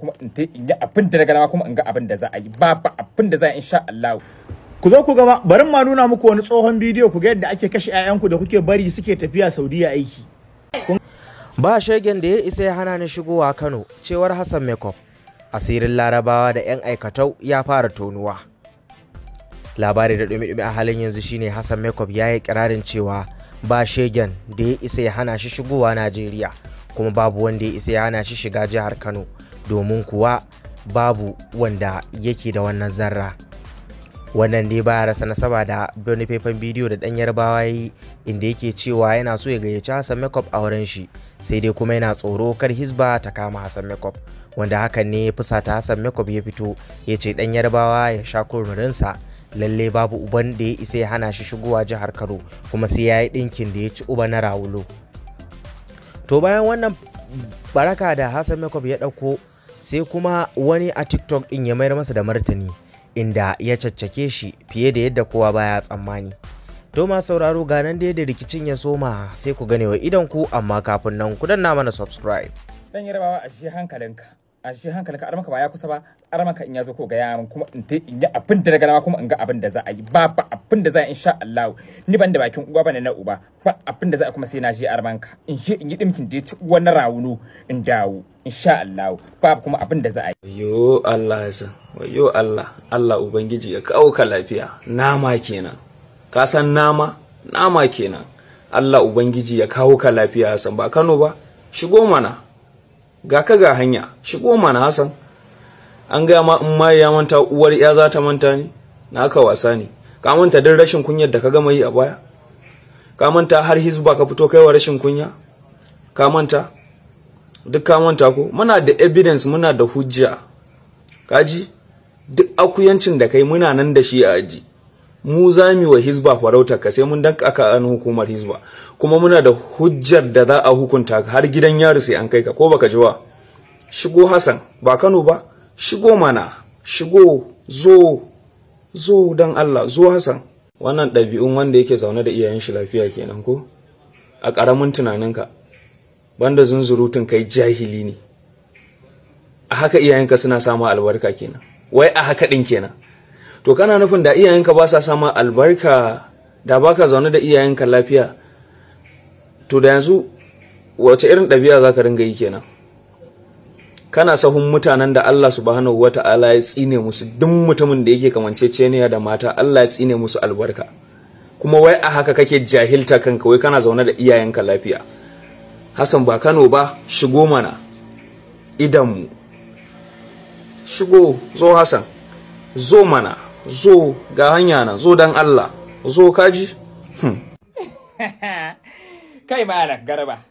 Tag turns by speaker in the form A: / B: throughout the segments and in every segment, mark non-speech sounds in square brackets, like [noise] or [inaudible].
A: kuma in ta yi abin da daga kuma in ga abin da za a yi ba ba abin da za a insha Allah ku zo ku gaba bari ma nuna muku wani tsohon bidiyo ku ga yadda ake kashe 'ya'yanku da kuke bari suke tafiya Saudiya
B: aiki ba shegen da ya isa ya hana ni shigowa Kano cewar Hassan Makeup asirin larabawa da 'yan aikatau ya fara tonuwa labari da dumi-dumi a halin yanzu shine Hassan Makeup ya yi kirarin cewa ba shegen da ya isa ya hana shi shigowa Najeriya kuma babu wanda ya isa ya hana shi shiga jihar Kano domin kuwa babu wanda yake da wannan zarra wannan dai baya rasa nasaba da wani faifan bidiyo da dan yarbawa yi inda yake cewa yana so ya gayyaci hassan makeup a wurin shi sai dai kuma yana tsoro kar hisba ta kama hassan makeup wanda hakan ne ya fusata hassan makeup ya fito ya ce dan yarbawa ya sha kurmurinsa lalle babu uban da ya isa ya hana shi shigowa jihar kano kuma sai ya yi ɗinkin da ya ci uba na rawulo to bayan wannan baraka da hassan makeup ya ɗauko sai kuma wani a tiktok ɗin ya mayar masa da martani inda ya caccake shi fiye da yadda kowa baya tsammani to ma sauraro ga nan dai da rikicin ya soma sai ku ganewa idan ku amma kafin nan ku danna mana subscribe
C: dan yarbawa a shi hankalinka a shi hankalinka armaka ba ya kusa ba armaka in ya zo ko ga yaran kuma in ta in yi abin da na kuma in ga abin da za a yi ba ba abin da za a yi insha Allah ni ban da bakin uwa bane na uba ba abin da za a kuma sai na je armanka in je in yi dimkin da ya ci uwan na rawuno in dawo insha Allah ba kuma abin da za a
D: yi yo Allah ya san yo Allah Allah ubangiji ya kawo ka lafiya nama kenan ka san nama nama kenan Allah ubangiji ya kawo ka lafiya san ba Kano ba shigo mana ga ka ga hanya shigo mana hasan an gaya ma in ma ya manta uwar ya za ta manta ne na aka wasa ne ka manta dan rashin kunyar da ka gama yi a baya ka manta har hizba ka fito kai wa rashin kunya ka manta duk ka manta ko muna da evidence muna da hujja kaji duk akuyancin da kai muna nan da shi a aji mu za mu wa hizba farauta ka sai mun danka aka an hukumar hizba kuma muna da hujjar da za a hukunta ka har gidan yari sai an kai ka ko baka ji wa shigo Hassan ba Kano ba shigo mana shigo zo zo dan Allah zo Hassan wannan ɗabi'un wanda yake zaune da iyayen shi lafiya kenan ko a ƙaramin tunaninka banda zunzurutun kai jahili ne a haka iyayenka suna samu albarka kenan wai a haka ɗin kenan to kana nufin da iyayenka ba sa sama albarka da ba ka zaune da iyayenka lafiya to da yanzu wace irin ɗabi'a za ka ringa yi kenan kana sahun mutanen da Allah subhanahu wa ta'ala ya tsine musu duk mutumin da yake kamanceceniya da mata Allah ya tsine musu albarka kuma wai a haka kake jahilta kanka wai kana zaune da iyayenka lafiya Hassan ba Kano ba shigo mana idanmu shigo zo Hassan zo mana zo ga hanya na zo dan Allah zo kaji hmm.
C: [laughs] kai malam garba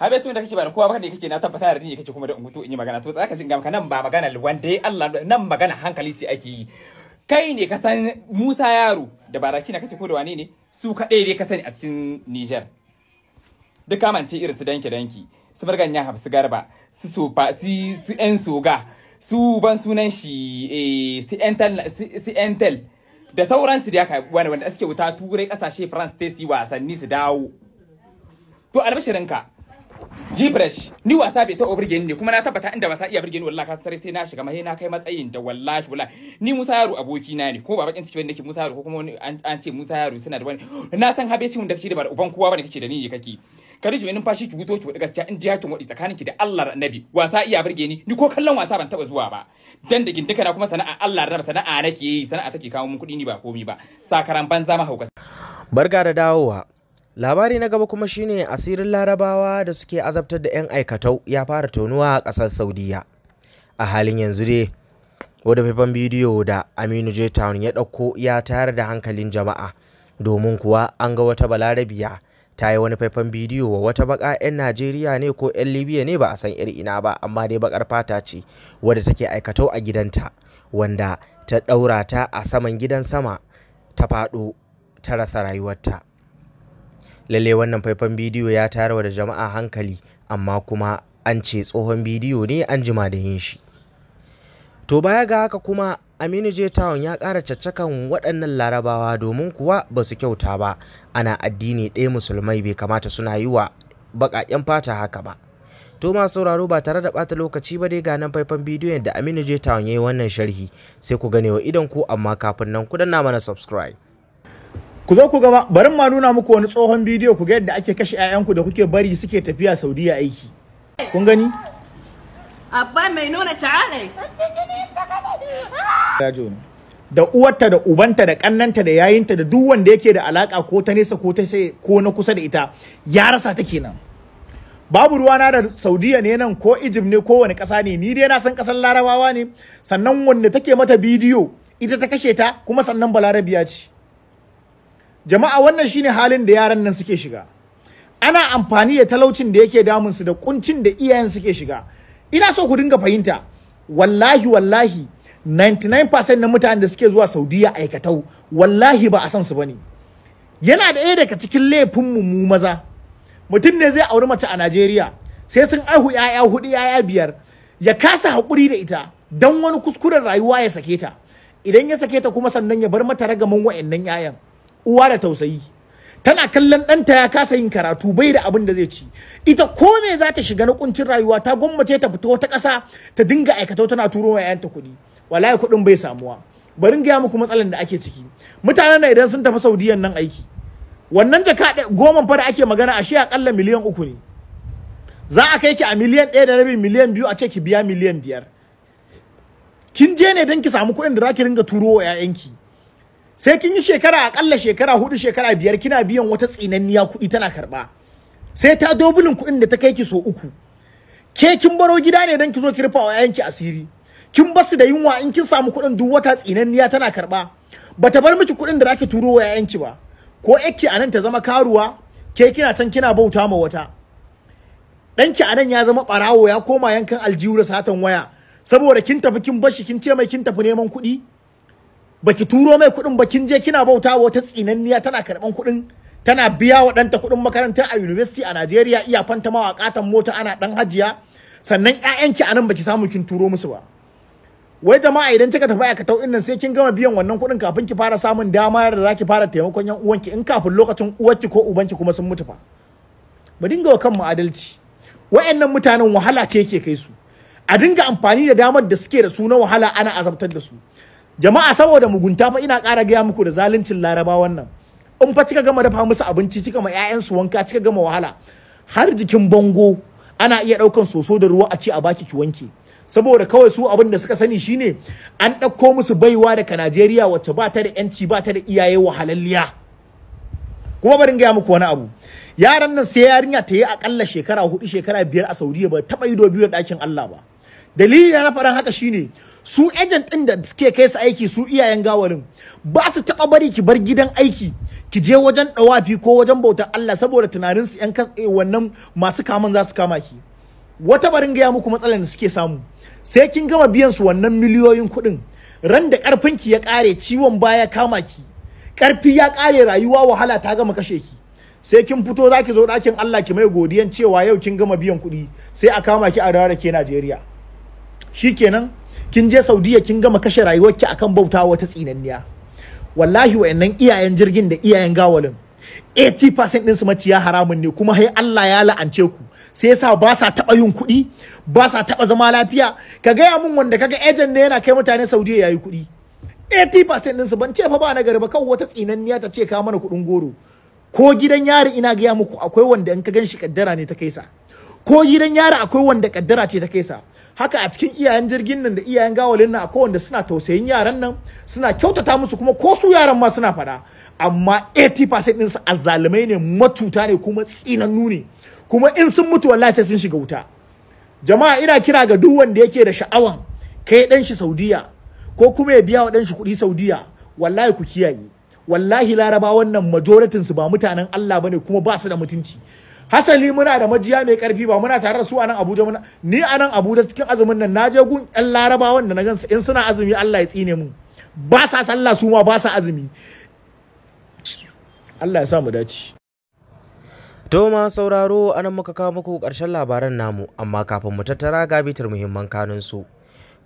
C: habe su da kake ba da kowa baka ne kake na tabbata da ni kake kuma da ungutu in yi magana to tsaka jin gamka nan ba magana wanda dai Allah nan magana hankali sai ake yi kai ne ka san Musa yaro da baraki na kace ko da wane ne su kaɗai dai ka sani a cikin Niger duk kamance irin su danki danki su barganya hafsu garba su sofa su yan soga su ban sunan shi eh, su entel da sauransu da ya wani wanda suke wuta turai kasashe france ta yi wasanni su dawo to albashirinka jibrash ni wasa bai taɓa burge ne kuma na tabbata inda wasa iya burge ni wallahi kasar sai na shiga mahe na kai matsayin da wallahi wallahi ni Musa Yaro aboki na ne ko ba bakin ciki nake Musa Yaro ko kuma an ce Musa Yaro suna da wani na san habecin da kike da ba uban kowa bane kake da ni kake kare shi mai numfashi ki wuto ki gaskiya in ji kin wadi tsakaninki da Allah annabi wasa iya burge ni ni ko kallon wasa ban taba zuwa ba dan da gindika na kuma sana'a Allah da sana'a nake yi sana'a take kawo mun kuɗi ni ba komi ba sakaran banza ma hauka
B: barka da dawowa labari na gaba kuma shine asirin larabawa da suke azabtar da 'yan aikatau ya fara tonuwa a ƙasar saudiya a halin yanzu dai wadda faifan bidiyo da aminu j town ya ɗauko ya tayar da hankalin jama'a domin kuwa an ga wata balarabiya ta yi wani faifan bidiyo wa wata baka 'yan Najeriya ne ko 'yan Libya ne ba a san iri ina ba amma dai bakar fata ce wadda take aikatau a gidanta wanda ta ɗaura ta a saman gidan sama ta faɗo ta rasa rayuwarta lalle wannan faifan bidiyo ya tara da jama'a hankali amma kuma an ce tsohon bidiyo ne an jima da yin shi to baya ga haka kuma aminu j town ya ƙara caccakan waɗannan larabawa domin kuwa ba su kyauta ba ana addini ɗaya musulmai bai kamata suna yi wa baƙaƙen fata haka ba to ma sauraro ba tare da ɓata lokaci ba dai ga nan faifan bidiyon da aminu j town ya yi wannan sharhi sai ku gane wa idan ku amma kafin nan ku danna mana subscribe ku zo ku gaba barin ma nuna muku wani tsohon bidiyo ku ga yadda ake kashe
A: 'ya'yanku da kuke bari suke tafiya saudiya aiki kun gani mai nuna Da uwarta da ubanta da kannanta da yayinta da duk wanda yake da alaka ko ta nesa ko ta sai ko na kusa da ita ya rasa ta kenan. Babu ruwana da Saudiya ne nan ko Egypt ne ko wani kasa ne ni dai na san ƙasar Larabawa ne sannan wanda take mata bidiyo ita ta kashe ta kuma sannan Balarabiya ce. Jama'a wannan shine halin da yaran nan suke shiga. Ana amfani da talaucin da yake damun su da kuncin da iyayen suke shiga. ina so ku dinga fahimta wallahi wallahi 99% na mutanen da suke zuwa Saudiya aikatau wallahi ba a san su bane yana da ɗaya daga cikin laifin mu maza mutum ne zai auri mace a Najeriya sai sun aihu yaya hudu yaya biyar ya kasa haƙuri da ita dan wani kuskuren rayuwa ya sake ta idan ya sake ta kuma sannan ya bar mata ragaman wa'annan yayan uwa da tausayi tana kallon ɗanta ya kasa yin karatu bai da abin da zai ci ita ko me za ta shiga na kuncin rayuwa ta gwammace ta fito wata ƙasa ta dinga aikata tana turo wa yayanta kuɗi wallahi kuɗin bai samuwa bari gaya muku matsalan da ake ciki mutanen na idan sun tafi saudiyan nan aiki wannan jaka goma fa da ake magana a shi miliyan uku ne za a kai ki a miliyan ɗaya da rabi miliyan biyu a ce ki biya miliyan biyar kin je ne don ki samu kuɗin da za ki ringa turo wa 'ya'yanki sai kin yi shekara akalla shekara hudu shekara biyar kina biyan wata tsinanniya kuɗi tana karɓa sai ta dobulin kuɗin da ta kai ki so uku ke kin baro gida ne don ki zo ki rufa wa yayanki asiri kin basu da yunwa in kin samu kuɗin duk wata tsinanniya tana karɓa bata bar miki kuɗin da zaki turo wa yayanki ba ko yakki anan ta zama karuwa ke kina can kina bauta ma wata ɗanki anan ya zama ɓarawo ya koma yankan aljihu da satan waya saboda kin tafi kin bashi kin ce mai kin tafi neman kuɗi baki turo mai kuɗin ba kin je kina bauta wa wata tsinanniya tana karban kuɗin tana biya wa ɗanta kuɗin makaranta a university a Najeriya iya fanta wa katan mota ana ɗan hajiya sannan ƴaƴanki anan baki samu kin turo musu ba wai jama'a idan kika tafi aka tau nan sai kin gama biyan wannan kuɗin kafin ki fara samun dama da zaki fara taimakon yan uwanki in kafin lokacin uwarki ko ubanki kuma sun mutu fa mu dinga wa kanmu adalci wayannan mutanen wahala ce yake kai su a dinga amfani da damar da suke da su na wahala ana azabtar da su jama'a saboda mugunta fa ina kara gaya muku da zaluncin laraba wannan in fa kika gama dafa musu abinci kika ma 'ya'yansu wanka kika gama wahala har jikin bango ana iya ɗaukan soso da ruwa a ci a baki ki wanke saboda kawai su abin da suka sani shine an ɗauko musu baiwa daga Najeriya wacce ba ta da yanci ba ta da iyaye wahalalliya kuma bari gaya muku wani abu yaran nan sai yarinya ta yi akalla shekara hudu shekara biyar a Saudiya ba taɓa yi dobi da ɗakin Allah ba dalili na farin haka shine su agent ɗin da suke kai su aiki su iyayen gawarin ba su taɓa bari ki bar gidan aiki ki je wajen ɗawafi ko wajen bautar Allah saboda tunanin su 'yan eh, wannan masu kaman za su kama ki wata barin gaya muku matsalar da suke samu sai kin gama biyan su wannan miliyoyin kuɗin ran da karfin ki ya ƙare ciwon baya kama ki karfi ya kare rayuwa wahala ta gama kashe ki sai kin fito zaki zo ɗakin Allah ki mai godiyan cewa yau kin gama biyan kuɗi sai a kama ki a dawo da Najeriya. shikenan kin je saudiya kin gama kashe rayuwarki akan bauta wata tsinanniya wallahi wayannan iyayen jirgin da iyayen gawalin 80% ɗinsu maciya haramun ne kuma hai Allah ya la'ance ku sai yasa ba sa taɓa yin kuɗi ba sa taɓa zama lafiya ka gaya mun wanda kaga ejen ne yana kai mutane saudiya yayi kuɗi 80% ɗinsu ban ce fa ba na gari ba kawai wata tsinanniya ta ce ka mana kuɗin goro ko gidan yari ina gaya muku akwai wanda in ka gan shi kaddara ne ta kai sa ko gidan yara akwai wanda kaddara ce ta kai sa haka a cikin iyayen jirgin nan da iyayen gawalin nan akwai wanda suna tausayin yaran nan suna kyautata musu kuma ko su yaran ma suna fada amma 80% din su azzalumai ne matuta ne kuma tsinannu ne kuma in sun mutu wallahi sai sun shiga wuta jama'a ina kira ga duk wanda yake da sha'awan kai dan shi Saudiya ko kuma ya biya wa dan shi kuɗi Saudiya wallahi ku kiyaye wallahi laraba wannan majoratin su ba mutanen Allah bane kuma ba su da mutunci hasali muna da majiya mai karfi ba muna tare da su a nan abuja muna ni a nan abuja cikin azumin nan naje gun yan larabawan da na gansu in suna azumi allah ya tsine mu ba sa sallah su ma ba sa azumi
B: allah ya sa mu dace to ma sauraro anan muka kawo muku karshen labaran namu amma kafin mu tattara ga bitar muhimman kanun su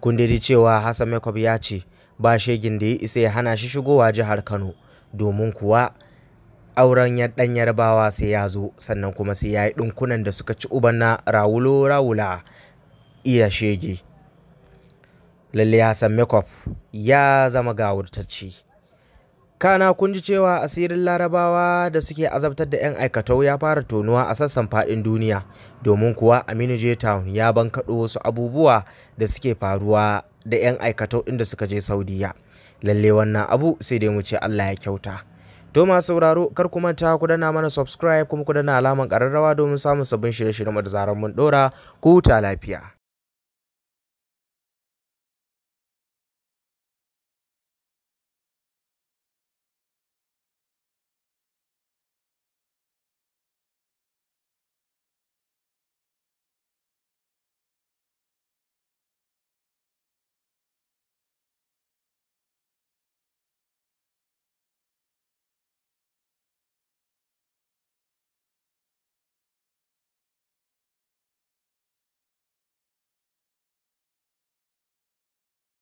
B: kun daidai cewa hassan makwab ya ce ba shegin da ya isa ya hana shi shigowa jihar kano domin kuwa auren ɗan yarbawa sai ya zo sannan kuma sai ya yi ɗinkunan da suka ci uban na rawulo rawula iya shege lalle hassan makeup ya zama gawurtacci kana kun ji cewa asirin larabawa da suke azabtar da 'yan aikatau ya fara tonuwa a sassan fadin duniya domin kuwa aminu j town ya bankaɗo wasu abubuwa da suke faruwa da 'yan aikatau inda suka je saudiya lalle wannan abu sai dai mu ce allah ya kyauta To masu sauraro kar ku manta ku danna mana subscribe kuma ku danna alamar ƙararrawa domin samun sabbin shirye-shiryen da zaran mun dora ku ta lafiya.